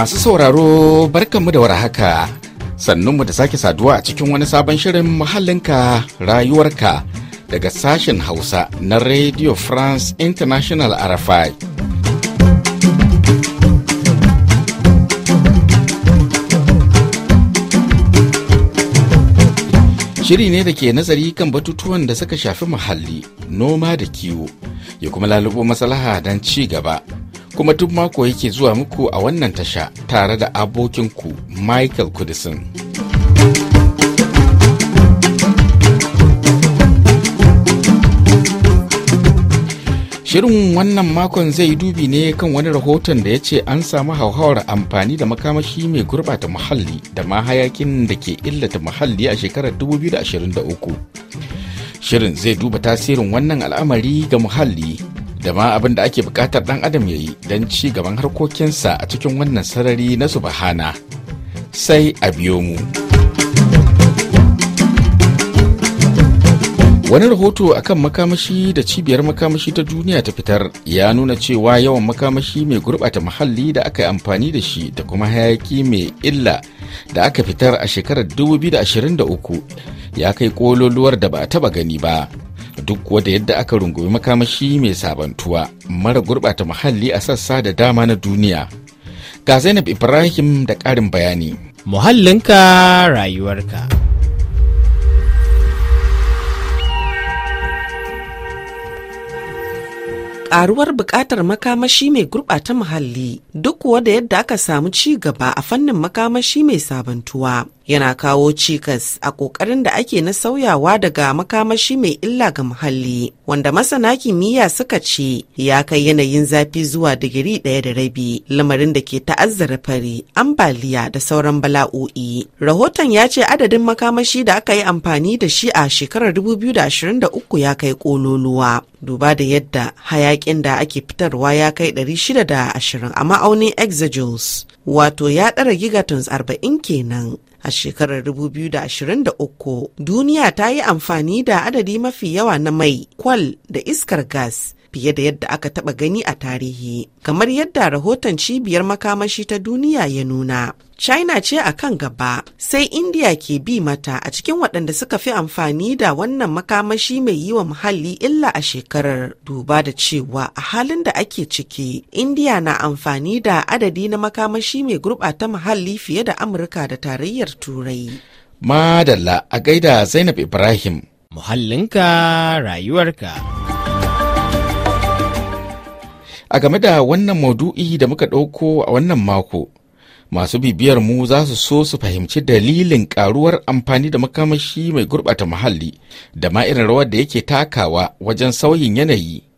Masu sauraro mu da warhaka mu da sake saduwa a cikin wani sabon shirin muhallinka rayuwarka daga sashen Hausa na Radio France International RFI. Shiri ne da ke nazari kan batutuwan da suka shafi muhalli, noma da kiwo, ya kuma lalubo maslaha don ci gaba. kuma duk mako yake zuwa muku a wannan tasha tare da abokinku Michael Kudisin. Shirin wannan makon zai dubi ne kan wani rahoton da ya ce an samu hauhawar amfani da makamashi mai gurɓata muhalli da ma hayakin da ke illata muhalli a shekarar 2023. Shirin zai duba tasirin wannan al'amari ga muhalli da ma abin da ake bukatar dan adam ya yi don ci gaban harkokinsa a cikin wannan sarari na subhana sai a biyo mu wani rahoto akan makamashi da cibiyar makamashi ta duniya ta fitar ya nuna cewa yawan makamashi mai gurbata muhalli da aka yi amfani da shi da kuma hayaki mai illa da aka fitar a shekarar 2023 ya kai kololuwar da ba a taba gani ba duk wadda yadda aka rungumi makamashi mai sabantuwa mara gurɓata muhalli a sassa da dama na duniya ga zainab ibrahim da ƙarin bayani muhallinka rayuwarka Ƙaruwar buƙatar makamashi mai gurɓata muhalli duk kuwa yadda aka samu ci gaba a fannin makamashi mai sabantuwa yana kawo cikas a ƙoƙarin da ake na sauyawa daga makamashi mai illa ga muhalli wanda masana kimiyya suka ce ya kai yanayin zafi zuwa digiri ɗaya da rabi lamarin da ke ta'azzara fari ambaliya da sauran bala'o'i rahoton ya ce adadin makamashi da aka yi amfani da shi a shekarar 2023 ya kai ƙololuwa duba da yadda hayaƙin da ake fitarwa ya kai 620 a ma'aunin exegels wato ya ɗara gigatons 40 kenan a shekarar 2023 duniya ta yi amfani da adadi mafi yawa na mai kwal da iskar gas fiye da yadda aka taɓa gani a tarihi kamar yadda rahoton cibiyar makamashi ta duniya ya nuna china ce a kan gaba sai india ke bi mata a cikin waɗanda suka fi amfani da wannan makamashi mai yi wa muhalli illa a shekarar duba da cewa a halin da ake ciki india na amfani da adadi na makamashi mai gurɓata muhalli fiye da amurka da tarayyar turai madalla a gaida zainab ibrahim muhallinka rayuwarka a game da wannan maudu'i da muka ɗauko a wannan mako masu bibiyar mu za su so su fahimci dalilin ƙaruwar amfani da makamashi mai gurɓata muhalli da ma irin rawar da yake takawa wajen sauyin yanayi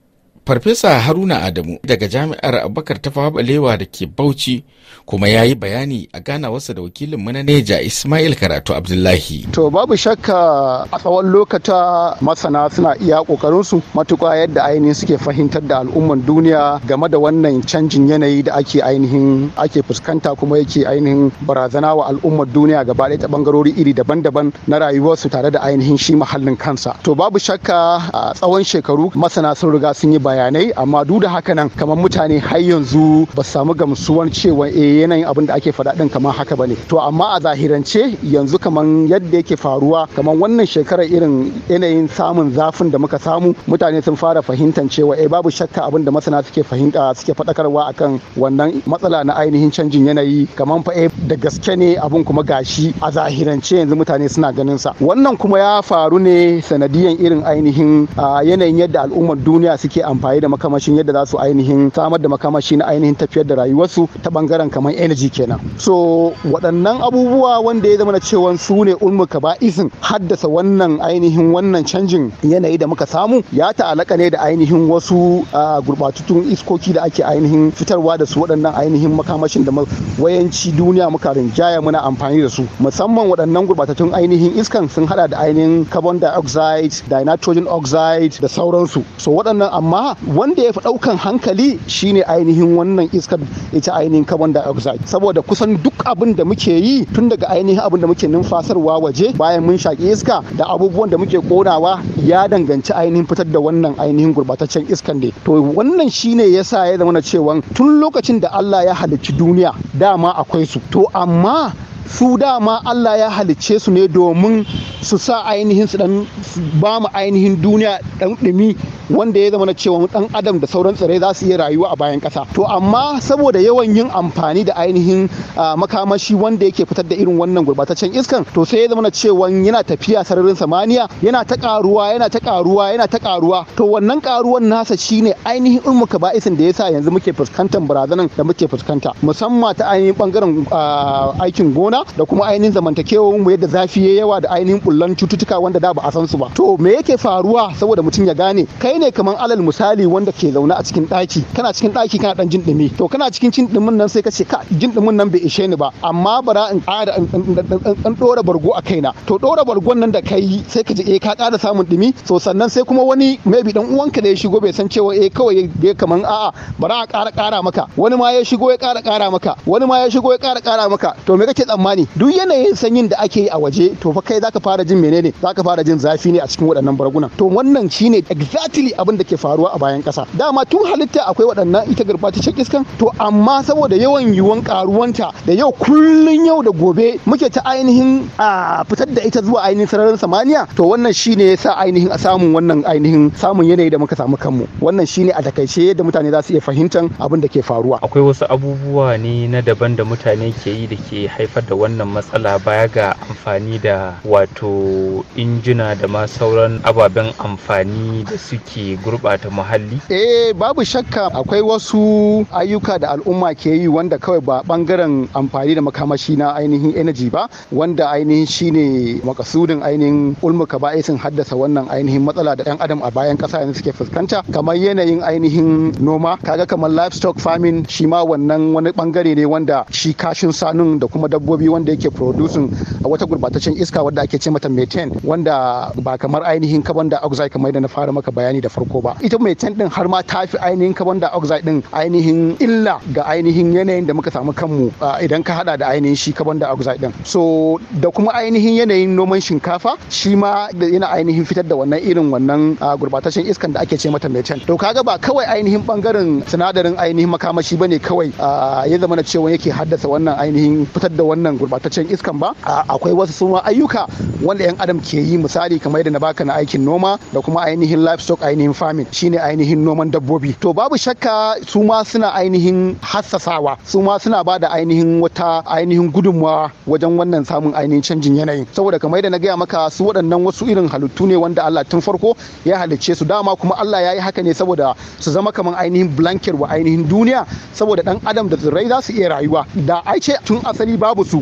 Farfesa Haruna Adamu daga Jami'ar Abubakar ta Balewa da ke Bauchi kuma ya yi bayani a ganawarsa da wakilin na Neja Ismail Karatu Abdullahi. To babu shakka a tsawon lokata masana suna iya ƙoƙarinsu matuƙa yadda ainihin suke fahimtar da al'umman duniya game da wannan canjin yanayi da ake ainihin ake fuskanta kuma yake ainihin barazana wa al'umman duniya gaba ɗaya ta ɓangarori iri daban-daban na rayuwarsu tare da ainihin shi muhallin kansa. To babu shakka a tsawon shekaru masana sun riga sun yi bayanai amma duk da haka nan kamar mutane har yanzu ba samu gamsuwar cewa eh yanayin abin da ake faɗa din kamar haka bane to amma a zahirance yanzu kamar yadda yake faruwa kamar wannan shekarar irin yanayin samun zafin da muka samu mutane sun fara fahimtar cewa eh babu shakka abin da masana suke fahimta suke faɗakarwa akan wannan matsala na ainihin canjin yanayi kamar fa eh da gaske ne abin kuma gashi a zahirance yanzu mutane suna ganin sa wannan kuma ya faru ne sanadiyan irin ainihin ah, yanayin yadda al'ummar duniya suke amfani amfani da makamashin yadda za su ainihin samar da makamashi na ainihin tafiyar da rayuwarsu ta bangaren kamar energy kenan so waɗannan abubuwa wanda ya zama na cewa su ne ba isin haddasa wannan ainihin wannan canjin yanayi da muka samu ya ta'alaka ne da ainihin wasu gurbatattun iskoki da ake ainihin fitarwa da su waɗannan ainihin makamashin da wayanci duniya muka rinjaya muna amfani da su musamman waɗannan gurbatattun ainihin iskan sun hada da ainihin carbon dioxide da nitrogen oxide da sauransu so waɗannan amma wanda ya fi ɗaukan hankali shine ainihin wannan iskar ita ainihin carbon dioxide saboda kusan duk abin da muke yi tun daga ainihin abin da muke numfasarwa waje bayan mun shaƙi iska da abubuwan da muke konawa ya danganci ainihin fitar da wannan ainihin gurbataccen iskan ne to wannan shine yasa ya zama na cewa tun lokacin da Allah ya halicci duniya dama akwai su to amma su dama Allah ya halicce su ne domin su sa ainihin su dan ba mu ainihin duniya dan dumi wanda ya zama na cewa dan adam da sauran tsirrai za su iya rayuwa a bayan kasa to amma saboda yawan yin amfani da ainihin makamashi wanda yake fitar da irin wannan gurbataccen iskan to sai ya zama na cewa yana tafiya sararin samaniya yana ta karuwa yana ta karuwa yana ta karuwa to wannan karuwan nasa shine ainihin in muka ba'isin da yasa yanzu muke fuskantar barazanan da muke fuskanta musamman ta ainihin bangaren aikin gona gona da kuma ainihin zamantakewar mu yadda zafi ya yawa da ainihin bullan cututtuka wanda da ba a san su ba to me yake faruwa saboda mutum ya gane kai ne kamar alal misali wanda ke zaune a cikin ɗaki kana cikin ɗaki kana dan jin dumi to kana cikin cin dumin nan sai ka ce ka jin dumin nan bai ishe ni ba amma bara in ƙara in ɗora bargo a kaina to ɗora bargon nan da kai sai ka ji eh ka ƙara samun dumi so sannan sai kuma wani maybe dan uwanka da ya shigo bai san cewa eh kawai ya kaman a'a bara a ƙara ƙara maka wani ma ya shigo ya ƙara ƙara maka wani ma ya shigo ya ƙara ƙara maka to me kake tsammani tsammani duk yanayin sanyin da ake yi a waje to fa kai zaka fara jin menene zaka fara jin zafi ne a cikin waɗannan barguna to wannan shine exactly abin da ke faruwa a bayan ƙasa dama tun halitta akwai waɗannan ita gurɓataccen iskan to amma saboda yawan yiwuwan karuwanta da yau kullun yau da gobe muke ta ainihin a fitar da ita zuwa ainihin sararin samaniya to wannan shine yasa ainihin a samun wannan ainihin samun yanayi da muka samu kanmu wannan shine a takaice da mutane za su iya fahimtar abin da ke faruwa akwai wasu abubuwa ne na daban da mutane ke yi da ke haifar da da wannan matsala baya ga amfani da wato injina da ma sauran ababen amfani da suke gurɓata muhalli? Eh babu shakka akwai wasu ayyuka da al'umma ke yi wanda kawai ba bangaren amfani da makamashi na ainihin energy ba wanda ainihin shine makasudin ainihin ulmuka ba sun haddasa wannan ainihin matsala da 'yan adam a bayan ƙasa yanzu suke fuskanta kamar yanayin ainihin noma kaga kamar livestock farming shima wannan wani bangare ne wanda shi kashin sanun da kuma dabbobi dabbobi wanda yake producing wata gurbataccen iska wadda ake ce mata methane wanda ba kamar ainihin carbon dioxide kamar da na fara maka bayani da farko ba ita methane din har ma ta fi ainihin carbon dioxide din ainihin illa ga ainihin yanayin da muka samu kanmu idan ka hada da ainihin shi carbon dioxide din so da kuma ainihin yanayin noman shinkafa shi ma yana ainihin fitar da wannan irin wannan gurbataccen iskan da ake ce mata methane to kaga ba kawai ainihin bangaren sinadarin ainihin makamashi bane kawai ya zama na cewa yake haddasa wannan ainihin fitar da wannan wannan gurbataccen iskan ba akwai wasu suma ayyuka wanda yan adam ke yi misali kamar yadda na baka na aikin noma da kuma ainihin livestock ainihin farming shine ainihin noman dabbobi to babu shakka su suna ainihin hassasawa su suna ba da ainihin wata ainihin gudunmawa wajen wannan samun ainihin canjin yanayin saboda kamar yadda na gaya maka su waɗannan wasu irin halittu ne wanda Allah tun farko ya halicce su dama kuma Allah ya yi haka ne saboda su zama kamar ainihin blanket wa ainihin duniya saboda dan adam da tsirrai za su iya rayuwa da ai tun asali babu su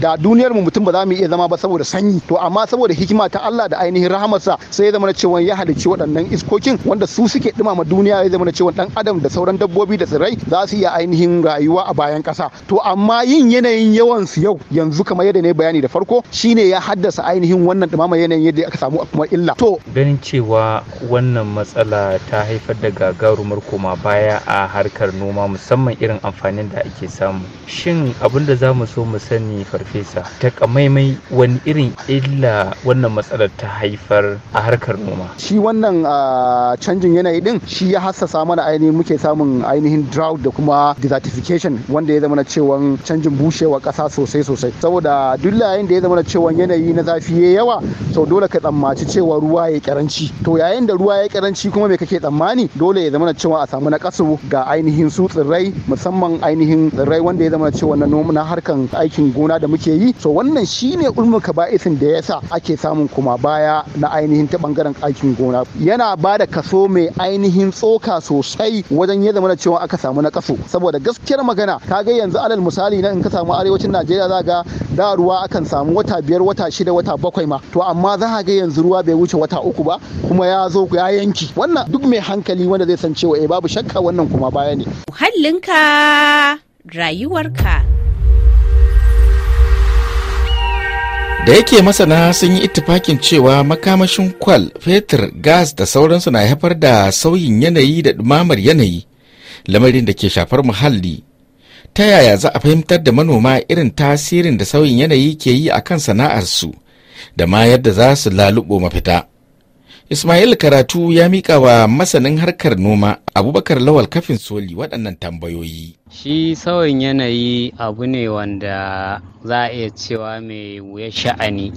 da duniyar mu mutum ba za mu iya zama ba saboda sanyi to amma saboda hikima ta Allah da ainihin rahamarsa sai ya zama cewa ya halicci waɗannan iskokin wanda su suke dumama duniya ya zama na cewa dan adam da sauran dabbobi da tsirrai za su iya ainihin rayuwa a bayan ƙasa to amma yin yanayin yawan su yau yanzu kamar yadda ne bayani da farko shine ya haddasa ainihin wannan dumama yanayin yadda aka samu kuma illa to ganin cewa wannan matsala ta haifar da gagarumar koma baya a harkar noma musamman irin amfanin da ake samu shin abin da za mu so mu sani farfi Takamaiman takamaimai wani irin illa wannan matsalar ta haifar a harkar noma shi wannan ah, canjin yanayi din shi ya hassasa mana ainihin muke samun ainihin drought da kuma desertification wanda ya zama na cewa canjin bushewa kasa sosai sosai saboda duk yayin da ya zama na cewa yanayi na zafi ya yawa to dole ka tsammaci cewa ruwa ya karanci to yayin da ruwa ya karanci kuma me kake tsammani dole ya zama na cewa a samu na ga ainihin su tsirrai musamman ainihin tsirrai wanda ya zama na cewa na harkan aikin gona da muke muke yi so wannan shine ulmul kaba'isin da yasa ake samun kuma baya na ainihin ta bangaren aikin gona yana ba da kaso mai ainihin tsoka sosai wajen ya zama da cewa aka samu na kaso saboda gaskiyar magana ka ga yanzu alal misali na in ka samu arewacin Najeriya za ga da ruwa akan samu wata biyar wata shida wata bakwai ma to amma za ga yanzu ruwa bai wuce wata uku ba kuma ya zo ya yanki wannan duk mai hankali wanda zai san cewa eh babu shakka wannan kuma baya ne muhallinka rayuwarka da yake masana sun yi ittifakin cewa makamashin kwal fetur gas da sauransu na haifar da sauyin yanayi da ɗumamar yanayi lamarin da ke shafar muhalli ta yaya za a fahimtar da manoma irin tasirin da sauyin yanayi ke yi a kan sana'arsu da ma yadda za su lalubo mafita Ismail Karatu ya mika wa masanin harkar noma Abubakar Lawal Kafin Soli waɗannan tambayoyi. Shi sauyin yanayi abu ne wanda za a iya cewa mai wuya sha'ani.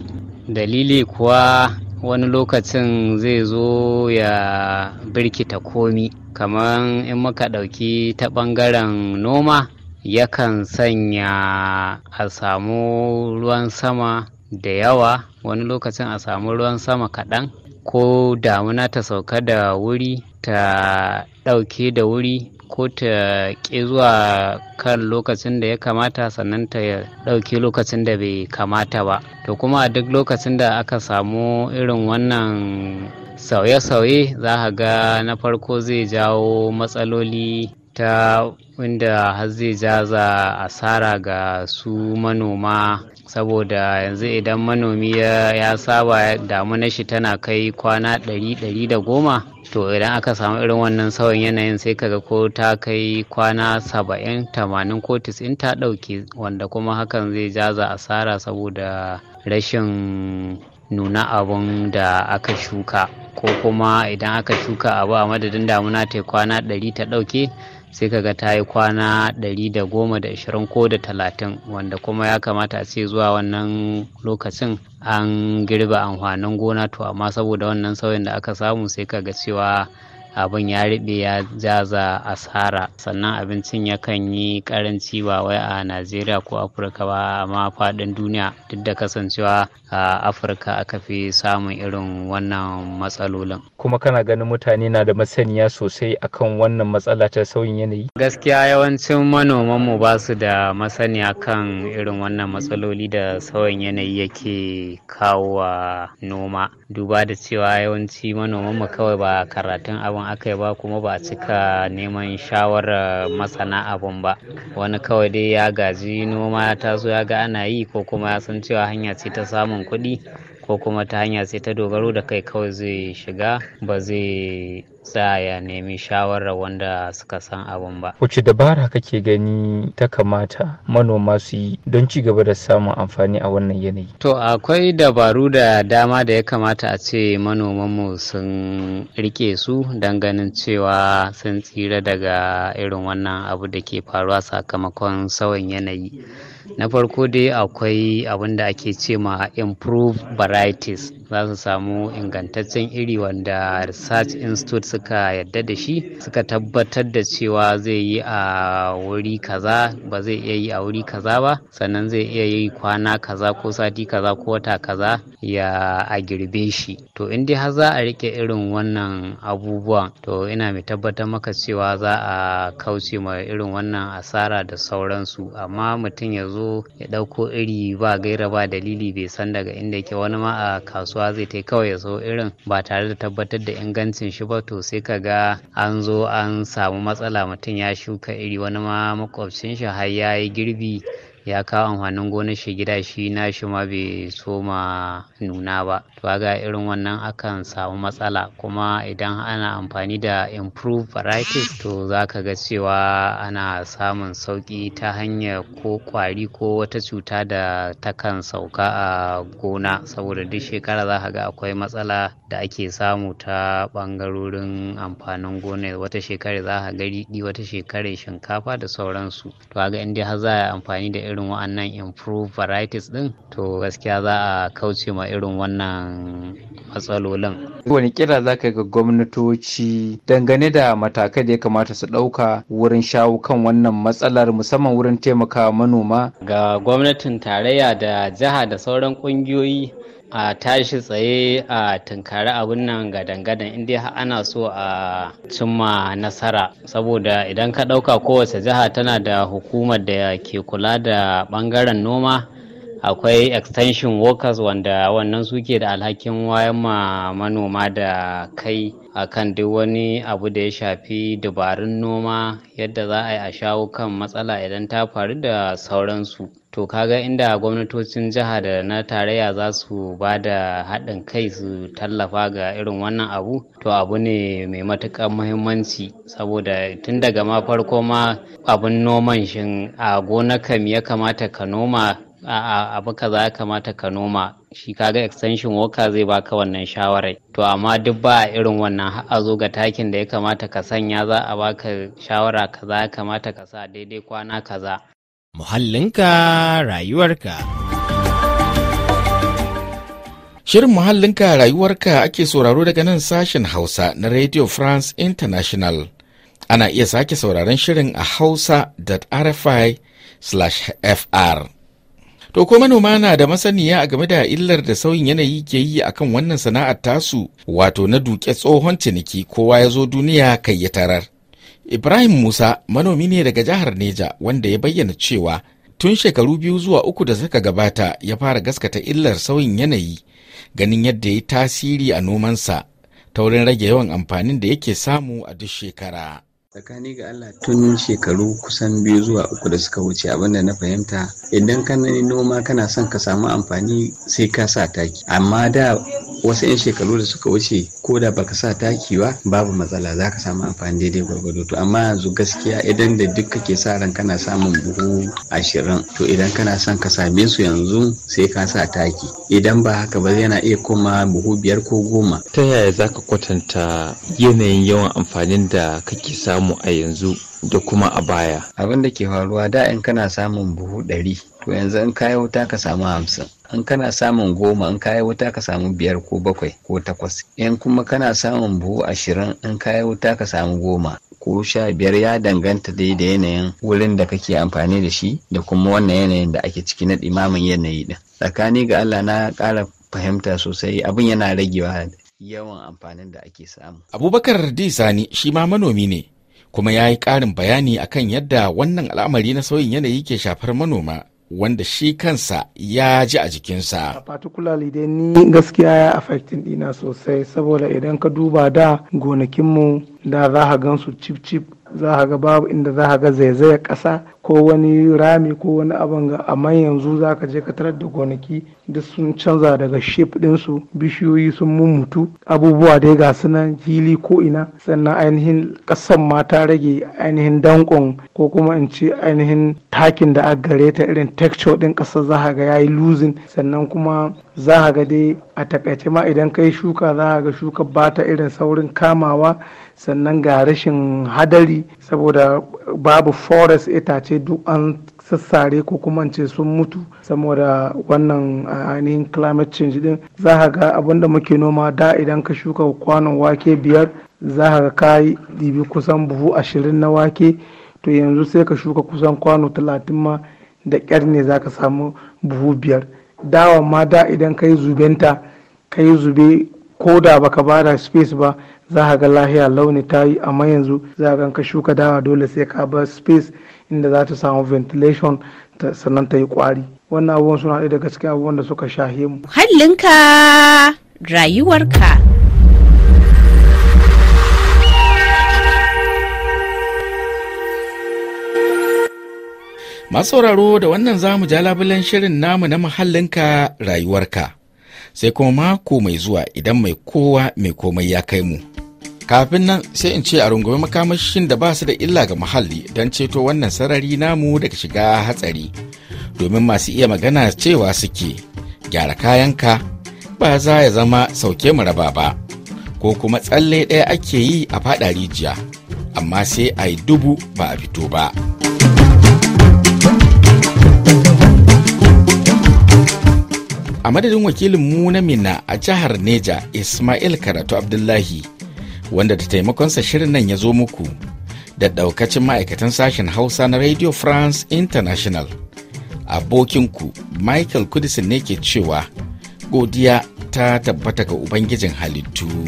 Dalili kuwa wani lokacin zai zo ya birkita komi, kamar in muka ɗauki ta ɓangaren noma yakan sanya a samu ruwan sama da yawa wani lokacin a samu ruwan sama kaɗan ko damuna ta sauka da wuri ta ɗauke da wuri ko ta ƙi zuwa kan lokacin da ya kamata sannan ta ɗauki lokacin da bai kamata ba to kuma a duk lokacin da aka samu irin wannan sauye-sauye za ga na farko zai jawo matsaloli ta inda har zai jaza asara ga su manoma saboda yanzu idan manomi ya saba damunar shi tana kai kwana ɗari ɗari da goma to idan aka samu irin wannan sauyin yanayin sai kaga ko ta kai kwana saba'in tamanin ko tis'in ta ɗauke wanda kuma hakan zai jaza asara saboda rashin nuna abun da aka shuka ko kuma idan aka shuka abu a madadin damuna ta kwana ɗari ta ɗauke sai kaga ta yi kwana ɗari da goma da ko da talatin wanda kuma ya kamata a ce zuwa wannan lokacin an girbe amfanin gona to amma saboda wannan sauyin da aka samu sai kaga cewa abin ya riɓe ya jaza asara sannan abincin yakan yi karanci ba wai a najeriya ko afirka ba amma faɗin duniya duk da kasancewa a afirka aka fi samun irin wannan matsalolin kuma kana ganin mutane na da masaniya sosai akan wannan matsala ta sauyin yanayi gaskiya yawancin manomanmu ba su da masaniya kan irin wannan matsaloli da sauyin yanayi yake kawo wa noma duba da cewa yawanci manomanmu kawai ba karatun abin aka yi ba kuma ba cika neman shawarar masana abin ba wani kawai dai ya gaji noma ya taso ya ga ana yi ko kuma ya san cewa hanya ce ta samun kuɗi ko kuma ta hanya sai ta dogaro da kai kawai zai shiga ba zai tsaya ya nemi shawarar wanda suka san abin ba. Wace dabara kake gani ta kamata manoma su yi don ci gaba da samun amfani a wannan yanayi? To akwai dabaru da dama da ya kamata a ce manomanmu sun rike su don ganin cewa sun tsira daga irin wannan abu da ke faruwa sakamakon sauyin yanayi. na farko dai akwai abin da ake ce ma improved varieties za su samu ingantaccen iri wanda research institute suka yadda da shi suka tabbatar da cewa zai yi a wuri kaza ba zai iya yi a wuri kaza ba sannan zai iya yi kwana kaza ko sati kaza ko wata kaza ya a girbe shi to in dai har za a rike irin wannan abubuwan to ina mai tabbatar maka cewa za a kauce ma irin wannan asara da sauransu amma mutum ya zo ya ɗauko iri ba gaira ba dalili bai san daga inda yake wani ma a kasuwa zai ta kawai ya so irin ba tare da tabbatar da ingancin shi ba to sai ka ga an zo an samu matsala mutum ya shuka iri wani ma makwabcin shi har ya yi girbi ya kawo amfanin gonar shi gida shi na shi ma bai soma nuna ba to ga irin wannan akan samu matsala kuma idan ana amfani da improved varieties to za ka ga cewa ana samun sauƙi ta hanyar ko ƙwari ko wata cuta da takan sauka a gona saboda duk shekara za ka ga akwai matsala da ake samu ta ɓangarorin amfanin gona wata shekara za a ga riɗi wata shekara shinkafa da sauransu to ga in har za a amfani da irin wa'annan improved varieties din to gaskiya za a kauce ma irin wannan matsalolin wani kira za ka ga gwamnatoci dangane da matakai da ya kamata su ɗauka wurin shawo kan wannan matsalar musamman wurin taimaka manoma ga gwamnatin tarayya da jiha da sauran ƙungiyoyi a tashi tsaye a tunkari abin nan gadan-gadan inda ana so a cimma nasara saboda idan ka ɗauka kowace jiha tana da hukumar da ke kula da ɓangaren noma akwai extension workers wanda wannan suke da alhakin wayan ma manoma da kai akan duk wani abu da ya shafi dabarun noma yadda za a yi a shawo kan matsala idan ta faru da sauransu to kaga inda gwamnatocin jiha da na tarayya za su ba da haɗin kai su tallafa ga irin wannan abu to abu ne mai matuƙar muhimmanci saboda tun daga ma farko ma abin noman shin a gonakam ya kamata ka noma abu kaza ya kamata ka noma shi kaga extension worker zai baka wannan shawarar to amma duk ba irin wannan a zo ga takin da ya kamata ka sanya za a baka shawara kaza ya kamata ka sa daidai kwana kaza muhallinka rayuwarka. Shirin muhallinka rayuwarka ake sauraro daga nan sashen Hausa na Radio France International. Ana iya sake sauraron shirin a hausa.rfi/fr. To ko manoma na da masaniya a game da illar da sauyin yanayi ke yi a kan wannan sana'ar tasu wato na duke tsohon ciniki kowa ya zo duniya kai ya tarar. Ibrahim Musa manomi ne daga jihar Neja wanda ya bayyana cewa tun shekaru biyu zuwa uku da suka gabata ya fara gaskata illar sauyin yanayi ganin yadda ya tasiri a nomansa ta wurin rage yawan amfanin da yake samu a duk shekara. tsakani ga Allah tun shekaru kusan biyu zuwa uku da suka wuce abinda na fahimta idan ka noma kana son ka samu amfani sai ka sa taki amma da wasu 'yan shekaru da suka wuce ko da baka sa taki ba babu matsala za ka samu amfani daidai gwargwado to amma yanzu gaskiya idan da duk kake sa ran kana samun buhu ashirin to idan kana son ka same su yanzu sai ka sa taki idan ba haka ba yana iya koma buhu biyar ko goma. ta yaya za ka kwatanta yanayin yawan amfanin da kake samu a yanzu da kuma a baya. Abin da ke faruwa da in kana samun buhu ɗari to yanzu in kayi wuta ka samu hamsin. In kana samun goma in kayi wuta ka samu biyar ko bakwai ko takwas. In kuma kana samun buhu ashirin in kayi wuta ka samu goma ko sha biyar ya danganta dai da yanayin wurin da kake amfani da shi da kuma wannan yanayin da ake ciki na ɗimamin yanayi ɗin. Tsakani ga Allah na ƙara fahimta sosai abin yana ragewa yawan amfanin da ake samu. Abubakar sani shi ma manomi ne kuma ya yi ƙarin bayani a kan yadda wannan al'amari na sauyin yanayi ke shafar manoma wanda shi kansa ya ji a jikinsa. particularly dai ni gaskiya ya affecting dina sosai saboda idan ka duba da gonakinmu da za ka gan su cip cip za ka ga babu inda za ka ga zaizayar ƙasa ko wani rami ko wani abin ga amma yanzu za ka je ka tarar da gonaki duk sun canza daga shef ɗinsu bishiyoyi sun mummutu abubuwa dai ga su nan fili ko ina sannan ainihin ƙasan ma ta rage ainihin dankon ko kuma in ce ainihin takin da aka gare ta irin texture ɗin ƙasar za ga ya yi luzin sannan kuma za ga dai a takaice ma idan kai shuka za ga shuka ba ta irin saurin kamawa sannan ga rashin hadari saboda babu forest itace ce duk an sassare ko kuma ce sun mutu saboda wannan ainihin climate change din za ga abin da muke noma da idan ka shuka kwanon wake biyar za ka kayi dibi kusan buhu ashirin na wake to yanzu sai ka shuka kusan kwano talatin ma da ƙyar ne za ka samu buhu biyar dawa ma da idan ka yi zubenta ka yi zube ko da baka ba da space ba za ka ga lahiya launi ta yi amma yanzu za ka ka shuka dawa dole sai ka bar space inda za ta samu ventilation sannan ta yi kwari wannan abubuwan suna ɗaya daga cikin abubuwan da suka shahe mu hallinka rayuwarka masu sauraro da wannan zamu ja labulen shirin namu na muhallinka rayuwarka sai kuma mako mai zuwa idan mai kowa mai komai ya kai mu. kafin nan sai in ce a rungumi makamashin da ba su da illa ga muhalli don ceto wannan sarari namu daga shiga hatsari domin masu iya magana cewa suke gyara kayanka ba za ya zama sauke mu raba ba ko kuma tsalle ɗaya ake yi a faɗa rijiya amma sai a yi dubu ba a fito ba a madadin mu na mina a jihar neja ismail karatu abdullahi wanda da taimakonsa shirin nan ya zo muku da ɗaukacin ma'aikatan sashen Hausa na Radio France International. Abokinku Michael Kudisin ne ke cewa godiya ta tabbata ga Ubangijin halittu.